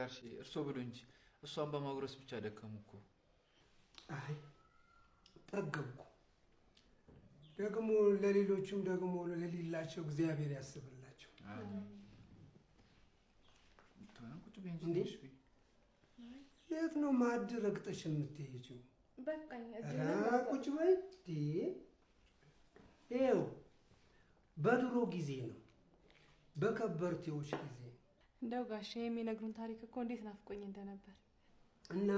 ጋር እርሶ ብሎ እንጂ እሷን በማጉረስ ብቻ ደከሙ እኮ። አይ ጠገብኩ። ደግሞ ለሌሎችም ደግሞ ለሌላቸው እግዚአብሔር ያስብላቸው። የት ነው ማዕድ ረግጠሽ የምትሄጂው? ቁጭ በይ። ይኸው በድሮ ጊዜ ነው በከበርቴዎች ጊዜ እንደው ጋሼ የሚነግሩን ታሪክ እኮ እንዴት ናፍቆኝ እንደነበር እና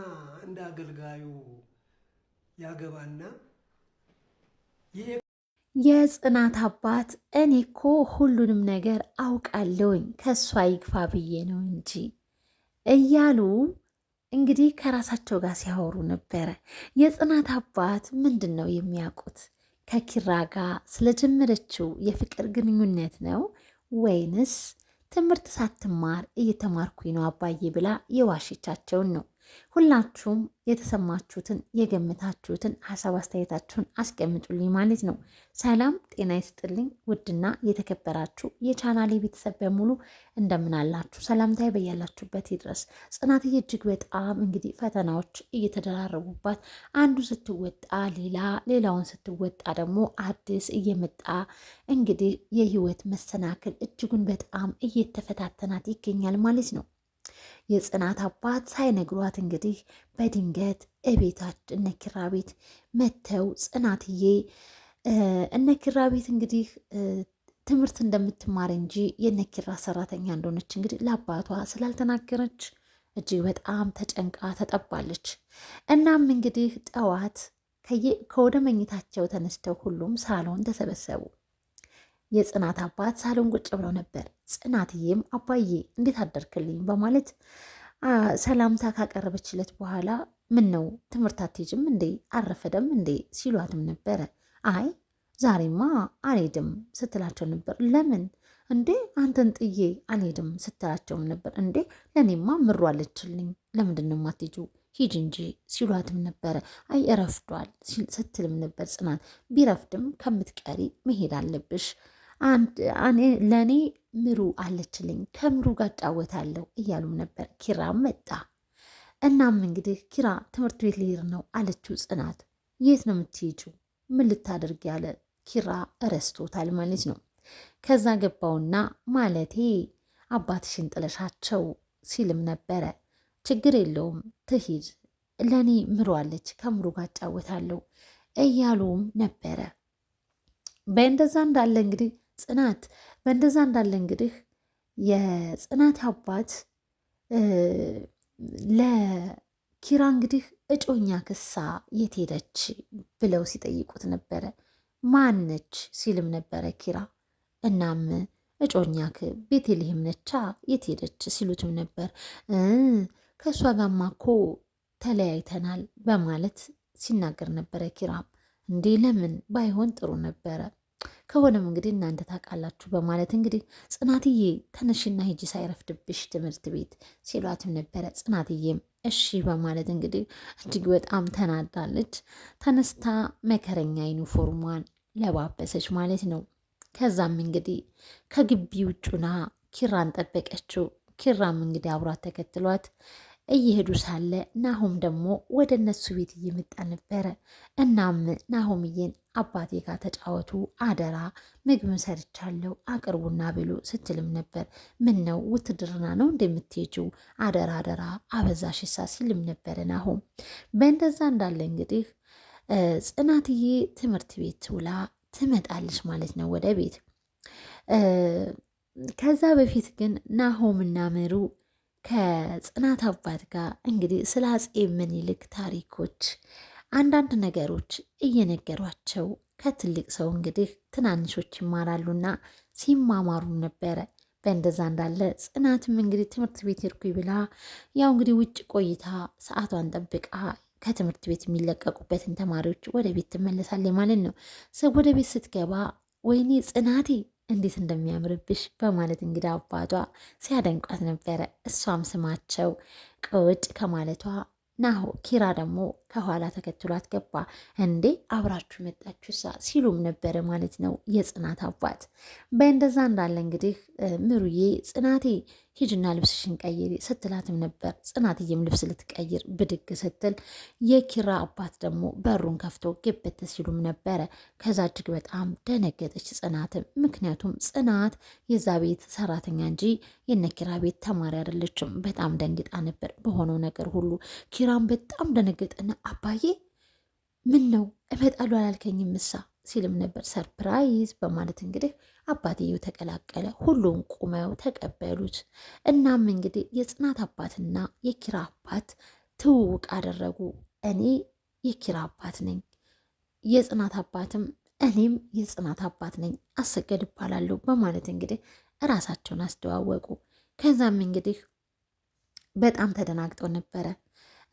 እንደ አገልጋዩ ያገባና የጽናት አባት እኔ እኮ ሁሉንም ነገር አውቃለሁኝ ከእሷ ይግፋ ብዬ ነው እንጂ እያሉ እንግዲህ ከራሳቸው ጋር ሲያወሩ ነበረ። የጽናት አባት ምንድን ነው የሚያውቁት? ከኪራ ጋር ስለጀመረችው የፍቅር ግንኙነት ነው ወይንስ ትምህርት ሳትማር እየተማርኩኝ ነው አባዬ ብላ የዋሸቻቸውን ነው። ሁላችሁም የተሰማችሁትን የገምታችሁትን ሀሳብ አስተያየታችሁን አስቀምጡልኝ ማለት ነው። ሰላም ጤና ይስጥልኝ። ውድና የተከበራችሁ የቻናሌ ቤተሰብ በሙሉ እንደምናላችሁ አላችሁ? ሰላምታዬ በያላችሁበት ይድረስ። ጽናትዬ እጅግ በጣም እንግዲህ ፈተናዎች እየተደራረቡባት አንዱ ስትወጣ ሌላ፣ ሌላውን ስትወጣ ደግሞ አዲስ እየመጣ እንግዲህ የህይወት መሰናክል እጅጉን በጣም እየተፈታተናት ይገኛል ማለት ነው። የጽናት አባት ሳይነግሯት እንግዲህ በድንገት እቤታች እነ ቤት መተው ጽናትዬ እነ ቤት እንግዲህ ትምህርት እንደምትማር እንጂ የነኪራ ሰራተኛ እንደሆነች እንግዲህ ለአባቷ ስላልተናገረች እጅግ በጣም ተጨንቃ ተጠባለች። እናም እንግዲህ ጠዋት ከወደ መኝታቸው ተነስተው ሁሉም ሳሎን ተሰበሰቡ። የጽናት አባት ሳሎን ቁጭ ብለው ነበር። ጽናትዬም አባዬ እንዴት አደርክልኝ በማለት ሰላምታ ካቀረበችለት በኋላ ምን ነው ትምህርት አትሄጂም እንዴ አረፈደም እንዴ ሲሏትም ነበረ። አይ ዛሬማ አልሄድም ስትላቸው ነበር። ለምን እንዴ አንተን ጥዬ አልሄድም ስትላቸውም ነበር። እንዴ ለእኔማ ምሩ አለችልኝ ለምንድን ነው የማትሄጂው እንጂ ሲሏትም ነበረ። አይ እረፍዷል ስትልም ነበር ጽናት። ቢረፍድም ከምትቀሪ መሄድ አለብሽ ለእኔ ምሩ አለችልኝ ከምሩ ጋር እጫወታለሁ እያሉም ነበር። ኪራም መጣ። እናም እንግዲህ ኪራ ትምህርት ቤት ሊሄድ ነው አለችው ጽናት። የት ነው የምትሄጂው? ምን ልታደርግ ያለ ኪራ እረስቶታል ማለት ነው። ከዛ ገባውና ማለቴ አባትሽን ጥለሻቸው ሲልም ነበረ። ችግር የለውም ትሂድ፣ ለእኔ ምሩ አለች ከምሩ ጋር እጫወታለሁ እያሉም ነበረ። በእንደዛ እንዳለ እንግዲህ ጽናት በእንደዛ እንዳለ እንግዲህ የጽናት አባት ለኪራ እንግዲህ እጮኛ ክሳ የት ሄደች ብለው ሲጠይቁት ነበረ። ማነች ሲልም ነበረ ኪራ። እናም እጮኛክ ቤተልሔም ነቻ የት ሄደች ሲሉትም ነበር። ከእሷ ጋማ እኮ ተለያይተናል በማለት ሲናገር ነበረ ኪራም። እንዴ ለምን ባይሆን ጥሩ ነበረ ከሆነም እንግዲህ እናንተ ታውቃላችሁ በማለት እንግዲህ ጽናትዬ ተነሽና ሂጂ ሳይረፍድብሽ ትምህርት ቤት ሲሏትም ነበረ። ጽናትዬም እሺ በማለት እንግዲህ እጅግ በጣም ተናዳለች። ተነስታ መከረኛ ዩኒፎርሟን ለባበሰች ማለት ነው። ከዛም እንግዲህ ከግቢ ውጩና ኪራን ጠበቀችው። ኪራም እንግዲህ አብሯት ተከትሏት እየሄዱ ሳለ ናሆም ደግሞ ወደ እነሱ ቤት እየመጣ ነበረ። እናም ናሆምዬን አባቴ ጋር ተጫወቱ አደራ፣ ምግብ ሰርቻለሁ አቅርቡና ብሉ ስትልም ነበር። ምን ነው ውትድርና ነው እንደምትሄጂው? አደራ አደራ አበዛሽሳ ሲልም ነበረ ናሆም። በእንደዛ እንዳለ እንግዲህ ጽናትዬ ትምህርት ቤት ትውላ ትመጣለች ማለት ነው ወደ ቤት። ከዛ በፊት ግን ናሆምና ምሩ ከጽናት አባት ጋር እንግዲህ ስለ አፄ ምኒልክ ታሪኮች አንዳንድ ነገሮች እየነገሯቸው ከትልቅ ሰው እንግዲህ ትናንሾች ይማራሉና ሲማማሩም ነበረ። በእንደዛ እንዳለ ጽናትም እንግዲህ ትምህርት ቤት ሄድኩኝ ብላ ያው እንግዲህ ውጭ ቆይታ ሰዓቷን ጠብቃ ከትምህርት ቤት የሚለቀቁበትን ተማሪዎች ወደ ቤት ትመለሳለች ማለት ነው። ወደ ቤት ስትገባ ወይኔ ጽናቴ እንዴት እንደሚያምርብሽ በማለት እንግዲህ አባቷ ሲያደንቋት ነበረ። እሷም ስማቸው ቅውጭ ከማለቷ ናሆ ኪራ ደግሞ ከኋላ ተከትሏት ገባ። እንዴ አብራችሁ ሳ ሲሉም ነበረ ማለት ነው የጽናት አባት። በእንደዛ እንዳለ እንግዲህ ምሩዬ ጽናቴ ሂድና ልብስሽን ቀይሪ ስትላትም ነበር። ጽናትዬም ልብስ ልትቀይር ብድግ ስትል የኪራ አባት ደግሞ በሩን ከፍቶ ግብት ሲሉም ነበረ። ከዛ እጅግ በጣም ደነገጠች ጽናትም። ምክንያቱም ጽናት የዛ ቤት ሰራተኛ እንጂ የነኪራ ቤት ተማሪ አይደለችም። በጣም ደንግጣ ነበር በሆነው ነገር ሁሉ። ኪራም በጣም ደነገጠና አባዬ ምን ነው እመጣሉ አላልከኝም? ምሳ ሲልም ነበር። ሰርፕራይዝ በማለት እንግዲህ አባትየው ተቀላቀለ። ሁሉም ቁመው ተቀበሉት። እናም እንግዲህ የጽናት አባትና የኪራ አባት ትውውቅ አደረጉ። እኔ የኪራ አባት ነኝ፣ የጽናት አባትም እኔም የጽናት አባት ነኝ፣ አሰገድ ይባላሉ በማለት እንግዲህ እራሳቸውን አስተዋወቁ። ከዛም እንግዲህ በጣም ተደናግጠው ነበረ።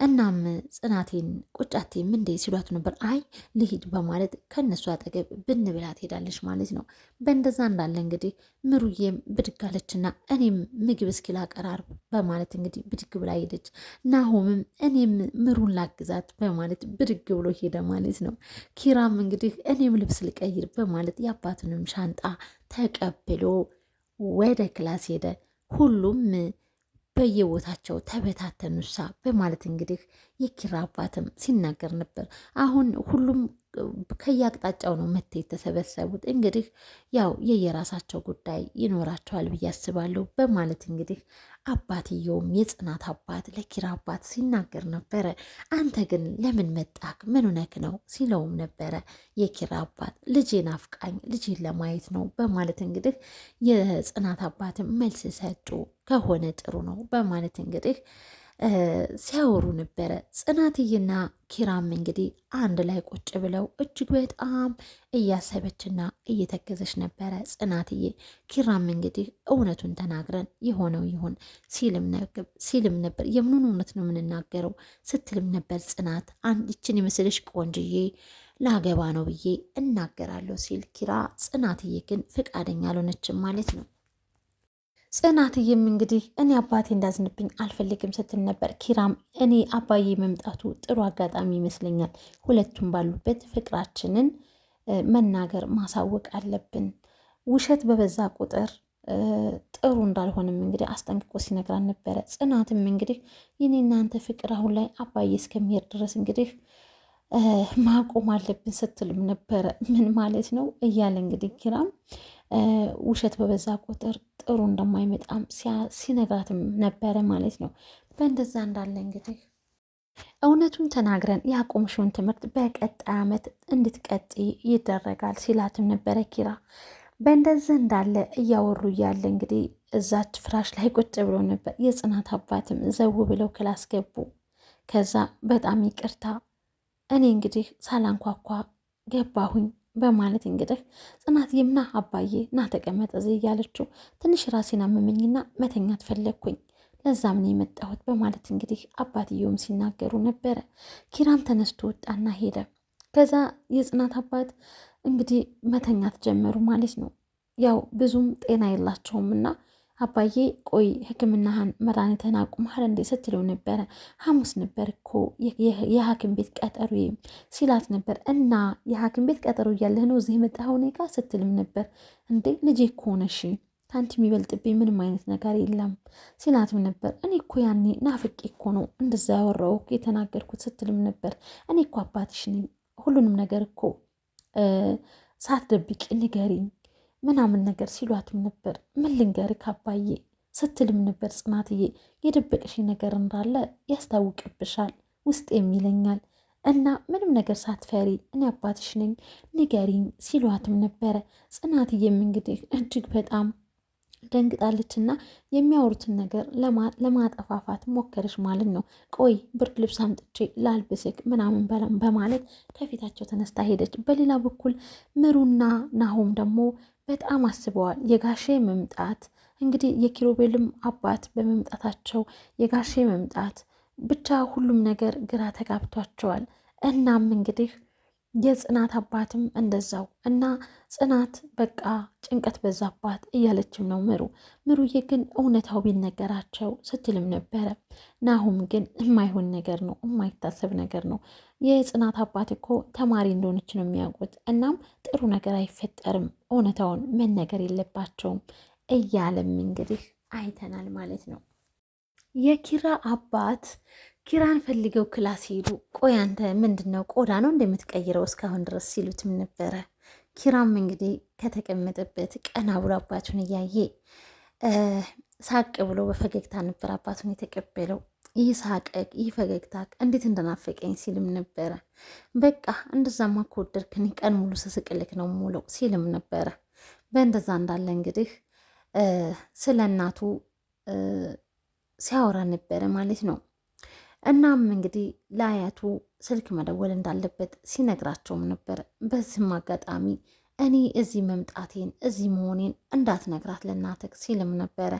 እናም ጽናቴን ቁጫቴም እንዴ ሲሏት ነበር። አይ ልሂድ በማለት ከእነሱ አጠገብ ብን ብላ ትሄዳለች ማለት ነው። በእንደዛ እንዳለ እንግዲህ ምሩዬም ብድግ አለችና እኔም ምግብ እስኪ ላቀራር በማለት እንግዲህ ብድግ ብላ ሄደች። ናሆምም እኔም ምሩን ላግዛት በማለት ብድግ ብሎ ሄደ ማለት ነው። ኪራም እንግዲህ እኔም ልብስ ልቀይር በማለት የአባቱንም ሻንጣ ተቀብሎ ወደ ክላስ ሄደ ሁሉም በየቦታቸው ተበታተኑሳ በማለት እንግዲህ የኪራ አባትም ሲናገር ነበር። አሁን ሁሉም ከየአቅጣጫው ነው መት የተሰበሰቡት። እንግዲህ ያው የየራሳቸው ጉዳይ ይኖራቸዋል ብዬ አስባለሁ በማለት እንግዲህ አባትየውም የጽናት አባት ለኪራ አባት ሲናገር ነበረ። አንተ ግን ለምን መጣክ? ምን ሆነክ ነው ሲለውም ነበረ የኪራ አባት ልጄን አፍቃኝ ልጄን ለማየት ነው በማለት እንግዲህ የጽናት አባትም መልስ ሰጡ። ከሆነ ጥሩ ነው በማለት እንግዲህ ሲያወሩ ነበረ። ጽናትዬና ኪራም እንግዲህ አንድ ላይ ቁጭ ብለው እጅግ በጣም እያሰበችና እየተገዘች ነበረ ጽናትዬ። ኪራም እንግዲህ እውነቱን ተናግረን የሆነው ይሁን ሲልም ነበር። የምኑን እውነት ነው የምንናገረው ስትልም ነበር ጽናት። አንድችን የምስልሽ ቆንጅዬ ላገባ ነው ብዬ እናገራለሁ ሲል ኪራ፣ ጽናትዬ ግን ፈቃደኛ አልሆነችም ማለት ነው። ጽናትዬም እንግዲህ እኔ አባቴ እንዳዝንብኝ አልፈልግም ስትል ነበር። ኪራም እኔ አባዬ መምጣቱ ጥሩ አጋጣሚ ይመስለኛል፣ ሁለቱም ባሉበት ፍቅራችንን መናገር ማሳወቅ አለብን። ውሸት በበዛ ቁጥር ጥሩ እንዳልሆንም እንግዲህ አስጠንቅቆ ሲነግራን ነበረ። ጽናትም እንግዲህ የኔ እናንተ ፍቅር አሁን ላይ አባዬ እስከሚሄድ ድረስ እንግዲህ ማቆም አለብን ስትልም ነበረ። ምን ማለት ነው እያለ እንግዲህ ኪራም ውሸት በበዛ ቁጥር ጥሩ እንደማይመጣም ሲነግራትም ነበረ ማለት ነው። በእንደዛ እንዳለ እንግዲህ እውነቱን ተናግረን ያቆምሽውን ትምህርት በቀጣይ ዓመት እንድትቀጥይ ይደረጋል ሲላትም ነበረ ኪራ። በእንደዚህ እንዳለ እያወሩ እያለ እንግዲህ እዛች ፍራሽ ላይ ቁጭ ብሎ ነበር። የጽናት አባትም ዘው ብለው ክላስ ገቡ። ከዛ በጣም ይቅርታ እኔ እንግዲህ ሳላንኳኳ ገባሁኝ በማለት እንግዲህ ጽናት ይምና አባዬ ና ተቀመጥ እዚህ እያለችው ትንሽ ራሴን አመመኝና መተኛት ፈለግኩኝ ለዛም ነው የመጣሁት በማለት እንግዲህ አባትየውም ሲናገሩ ነበረ። ኪራም ተነስቶ ወጣና ሄደ። ከዛ የጽናት አባት እንግዲህ መተኛት ጀመሩ ማለት ነው። ያው ብዙም ጤና የላቸውም እና አባዬ ቆይ ህክምናህን መድኃኒትህን አቁመሃል እንዴ ስትለው ነበረ። ሐሙስ ነበር እኮ የሐኪም ቤት ቀጠሩ ሲላት ነበር። እና የሐኪም ቤት ቀጠሩ እያለህ ነው እዚህ የመጣኸው እኔ ስትልም ነበር። እንዴ ልጄ እኮ ሆነሽ ከአንቺ የሚበልጥብኝ ምንም አይነት ነገር የለም ሲላትም ነበር። እኔ እኮ ያኔ ናፍቄ እኮ ነው እንደዛ ያወራው የተናገርኩት ስትልም ነበር። እኔ እኮ አባትሽ ነኝ ሁሉንም ነገር እኮ ሳትደብቂ ንገሪኝ ምናምን ነገር ሲሏትም ነበር። ምን ልንገርህ አባዬ ስትልም ነበር ጽናትዬ። የደበቅሽ ነገር እንዳለ ያስታውቅብሻል፣ ውስጤም ይለኛል እና ምንም ነገር ሳትፈሪ እኔ አባትሽ ነኝ ንገሪኝ ሲሏትም ነበረ። ጽናትዬም እንግዲህ እጅግ በጣም ደንግጣለችና የሚያወሩትን ነገር ለማጠፋፋት ሞከረች ማለት ነው። ቆይ ብርድ ልብስ አምጥቼ ላልብስክ ምናምን በማለት ከፊታቸው ተነስታ ሄደች። በሌላ በኩል ምሩና ናሆም ደግሞ በጣም አስበዋል። የጋሼ መምጣት እንግዲህ የኪሮቤልም አባት በመምጣታቸው የጋሼ መምጣት ብቻ ሁሉም ነገር ግራ ተጋብቷቸዋል። እናም እንግዲህ የጽናት አባትም እንደዛው እና ጽናት በቃ ጭንቀት በዛባት እያለችም ነው ምሩ። ምሩዬ ግን እውነታው ቢነገራቸው ስትልም ነበረ። ናሁም ግን የማይሆን ነገር ነው የማይታሰብ ነገር ነው። የጽናት አባት እኮ ተማሪ እንደሆነች ነው የሚያውቁት። እናም ጥሩ ነገር አይፈጠርም፣ እውነታውን መነገር የለባቸውም እያለም እንግዲህ አይተናል ማለት ነው የኪራ አባት ኪራን ፈልገው ክላስ ሄዱ። ቆይ አንተ ምንድን ነው ቆዳ ነው እንደምትቀይረው እስካሁን ድረስ ሲሉትም ነበረ። ኪራም እንግዲህ ከተቀመጠበት ቀና ብሎ አባቱን እያየ ሳቅ ብሎ በፈገግታ ነበር አባቱን የተቀበለው። ይህ ሳቀቅ ይህ ፈገግታ እንዴት እንደናፈቀኝ ሲልም ነበረ። በቃ እንደዛማ ከወደድክን ቀን ሙሉ ስስቅልክ ነው ሙለው ሲልም ነበረ። በእንደዛ እንዳለ እንግዲህ ስለ እናቱ ሲያወራ ነበረ ማለት ነው። እናም እንግዲህ ለአያቱ ስልክ መደወል እንዳለበት ሲነግራቸውም ነበር። በዚህም አጋጣሚ እኔ እዚህ መምጣቴን እዚህ መሆኔን እንዳትነግራት ለናትህ ሲልም ነበረ።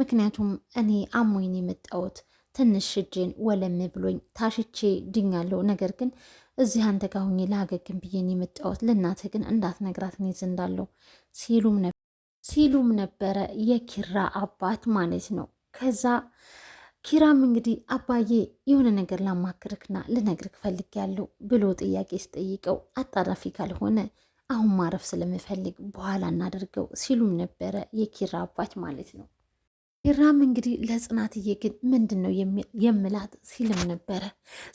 ምክንያቱም እኔ አሞኝ የመጣሁት ትንሽ እጄን ወለም ብሎኝ ታሽቼ ድኛለሁ። ነገር ግን እዚህ አንተ ጋር ሁኜ ላገግም ብዬን የመጣሁት ለእናትህ ግን እንዳትነግራት እኔ እዚህ እንዳለሁ ሲሉም ነበረ የኪራ አባት ማለት ነው ከዛ ኪራም እንግዲህ አባዬ የሆነ ነገር ላማክርክና ልነግርክ ፈልጊያለሁ ብሎ ጥያቄ ስጠይቀው አጣዳፊ ካልሆነ አሁን ማረፍ ስለምፈልግ በኋላ እናደርገው ሲሉም ነበረ የኪራ አባት ማለት ነው። ኪራም እንግዲህ ለጽናትዬ ግን ምንድን ነው የምላት ሲልም ነበረ።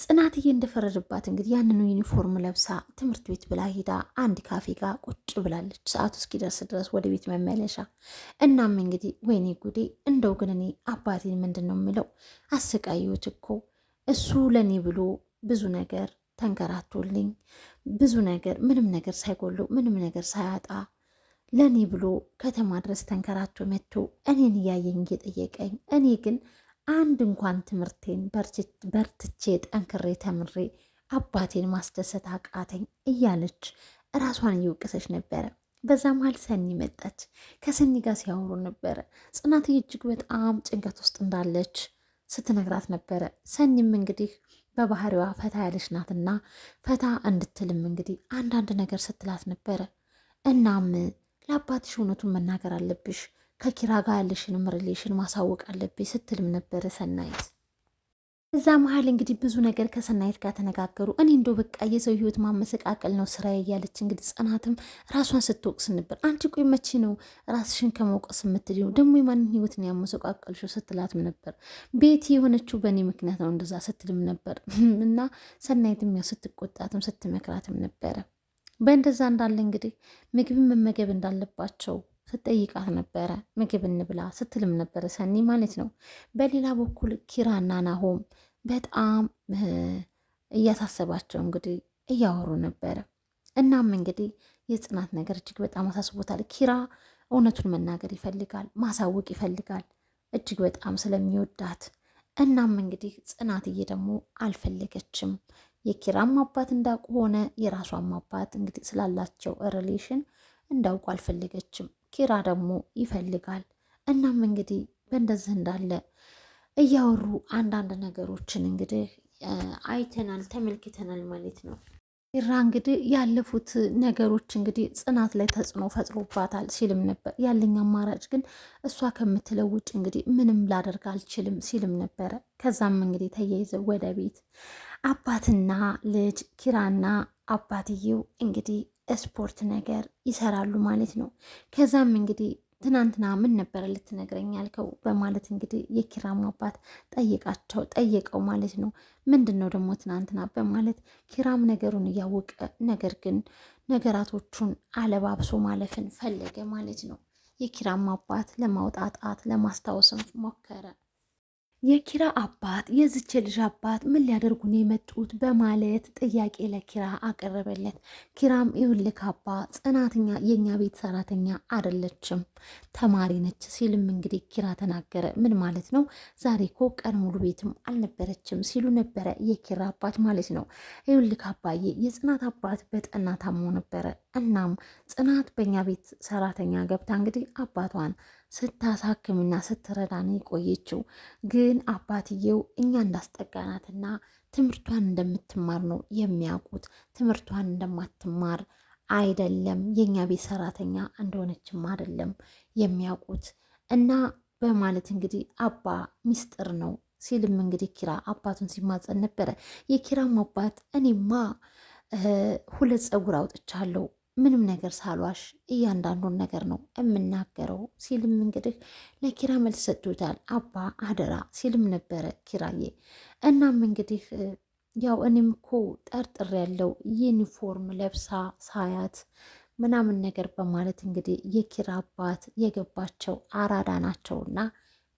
ጽናትዬ እንደፈረድባት እንግዲህ ያንኑ ዩኒፎርም ለብሳ ትምህርት ቤት ብላ ሂዳ አንድ ካፌ ጋር ቁጭ ብላለች፣ ሰዓቱ እስኪደርስ ድረስ ወደ ቤት መመለሻ። እናም እንግዲህ ወይኔ ጉዴ፣ እንደው ግን እኔ አባቴን ምንድን ነው የምለው? አሰቃየሁት እኮ እሱ ለእኔ ብሎ ብዙ ነገር ተንከራቶልኝ ብዙ ነገር ምንም ነገር ሳይጎለው ምንም ነገር ሳያጣ ለእኔ ብሎ ከተማ ድረስ ተንከራቶ መጥቶ እኔን እያየኝ እየጠየቀኝ፣ እኔ ግን አንድ እንኳን ትምህርቴን በርትቼ ጠንክሬ ተምሬ አባቴን ማስደሰት አቃተኝ እያለች እራሷን እየወቀሰች ነበረ። በዛ መሀል ሰኒ መጣች። ከሰኒ ጋር ሲያወሩ ነበረ። ጽናትዬ እጅግ በጣም ጭንቀት ውስጥ እንዳለች ስትነግራት ነበረ። ሰኒም እንግዲህ በባህሪዋ ፈታ ያለች ናትና ፈታ እንድትልም እንግዲህ አንዳንድ ነገር ስትላት ነበረ። እናም ለአባትሽ እውነቱን መናገር አለብሽ፣ ከኪራ ጋር ያለሽንም ሪሌሽን ማሳወቅ አለብሽ ስትልም ነበረ ሰናይት። እዛ መሀል እንግዲህ ብዙ ነገር ከሰናይት ጋር ተነጋገሩ። እኔ እንደው በቃ የሰው ህይወት ማመሰቃቀል ነው ስራ እያለች እንግዲህ ጽናትም ራሷን ስትወቅስ ነበር። አንቺ ቆይ መቼ ነው ራስሽን ከመውቀስ የምትለው? ደግሞ የማንን ህይወት ነው ያመሰቃቀልሽው? ስትላትም ነበር። ቤቲ የሆነችው በእኔ ምክንያት ነው እንደዛ ስትልም ነበር እና ሰናይትም ያው ስትቆጣትም ስትመክራትም ነበረ በእንደዛ እንዳለ እንግዲህ ምግብ መመገብ እንዳለባቸው ስትጠይቃት ነበረ። ምግብ እንብላ ስትልም ነበረ ሰኒ ማለት ነው። በሌላ በኩል ኪራና ናሆም በጣም እያሳሰባቸው እንግዲህ እያወሩ ነበረ። እናም እንግዲህ የጽናት ነገር እጅግ በጣም አሳስቦታል። ኪራ እውነቱን መናገር ይፈልጋል፣ ማሳወቅ ይፈልጋል እጅግ በጣም ስለሚወዳት። እናም እንግዲህ ጽናትዬ ደግሞ አልፈለገችም የኪራም አባት እንዳውቁ ሆነ። የራሷም አባት እንግዲህ ስላላቸው ሪሌሽን እንዳውቁ አልፈለገችም። ኪራ ደግሞ ይፈልጋል። እናም እንግዲህ በእንደዚህ እንዳለ እያወሩ አንዳንድ ነገሮችን እንግዲህ አይተናል፣ ተመልክተናል ማለት ነው። ኪራ እንግዲህ ያለፉት ነገሮች እንግዲህ ጽናት ላይ ተጽዕኖ ፈጥሮባታል ሲልም ነበር። ያለኝ አማራጭ ግን እሷ ከምትለው ውጭ እንግዲህ ምንም ላደርግ አልችልም ሲልም ነበረ። ከዛም እንግዲህ ተያይዘው ወደ ቤት አባትና ልጅ ኪራና አባትየው እንግዲህ ስፖርት ነገር ይሰራሉ ማለት ነው። ከዛም እንግዲህ ትናንትና ምን ነበረ ልትነግረኝ ያልከው በማለት እንግዲህ የኪራም አባት ጠይቃቸው ጠየቀው ማለት ነው። ምንድን ነው ደግሞ ትናንትና በማለት ኪራም ነገሩን እያወቀ ነገር ግን ነገራቶቹን አለባብሶ ማለፍን ፈለገ ማለት ነው። የኪራም አባት ለማውጣጣት ለማስታወስም ሞከረ። የኪራ አባት የዝች ልጅ አባት ምን ሊያደርጉ ነው የመጡት? በማለት ጥያቄ ለኪራ አቀረበለት። ኪራም ይሁልክ አባ ጽናትኛ የእኛ ቤት ሰራተኛ አደለችም፣ ተማሪ ነች ሲልም እንግዲህ ኪራ ተናገረ። ምን ማለት ነው? ዛሬ እኮ ቀን ሙሉ ቤትም አልነበረችም ሲሉ ነበረ የኪራ አባት ማለት ነው። ይኸውልህ አባዬ የጽናት አባት በጠና ታሞ ነበረ። እናም ጽናት በእኛ ቤት ሰራተኛ ገብታ እንግዲህ አባቷን ስታሳክምና ስትረዳን የቆየችው ግን አባትየው እኛ እንዳስጠጋናትና ትምህርቷን እንደምትማር ነው የሚያውቁት። ትምህርቷን እንደማትማር አይደለም የእኛ ቤት ሰራተኛ እንደሆነችም አይደለም የሚያውቁት እና በማለት እንግዲህ አባ ሚስጥር ነው ሲልም እንግዲህ ኪራ አባቱን ሲማጸን ነበረ። የኪራም አባት እኔማ ሁለት ፀጉር አውጥቻለሁ ምንም ነገር ሳሏሽ እያንዳንዱን ነገር ነው የምናገረው ሲልም እንግዲህ ለኪራ መልስ ሰጥቶታል። አባ አደራ ሲልም ነበረ ኪራዬ። እናም እንግዲህ ያው እኔም እኮ ጠርጥር ያለው ዩኒፎርም ለብሳ ሳያት ምናምን ነገር በማለት እንግዲህ የኪራ አባት የገባቸው አራዳ ናቸውና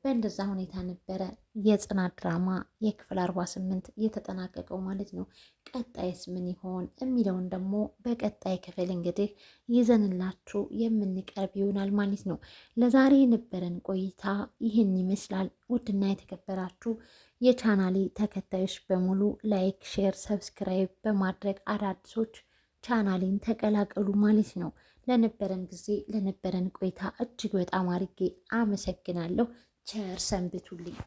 በእንደዛ ሁኔታ ነበረ የጽናት ድራማ የክፍል አርባ ስምንት የተጠናቀቀው ማለት ነው። ቀጣይስ ምን ይሆን የሚለውን ደግሞ በቀጣይ ክፍል እንግዲህ ይዘንላችሁ የምንቀርብ ይሆናል ማለት ነው። ለዛሬ የነበረን ቆይታ ይህን ይመስላል። ውድና የተከበራችሁ የቻናሌ ተከታዮች በሙሉ ላይክ፣ ሼር፣ ሰብስክራይብ በማድረግ አዳዲሶች ቻናሌን ተቀላቀሉ ማለት ነው። ለነበረን ጊዜ ለነበረን ቆይታ እጅግ በጣም አርጌ አመሰግናለሁ። ቸር ሰንብቱልኝ።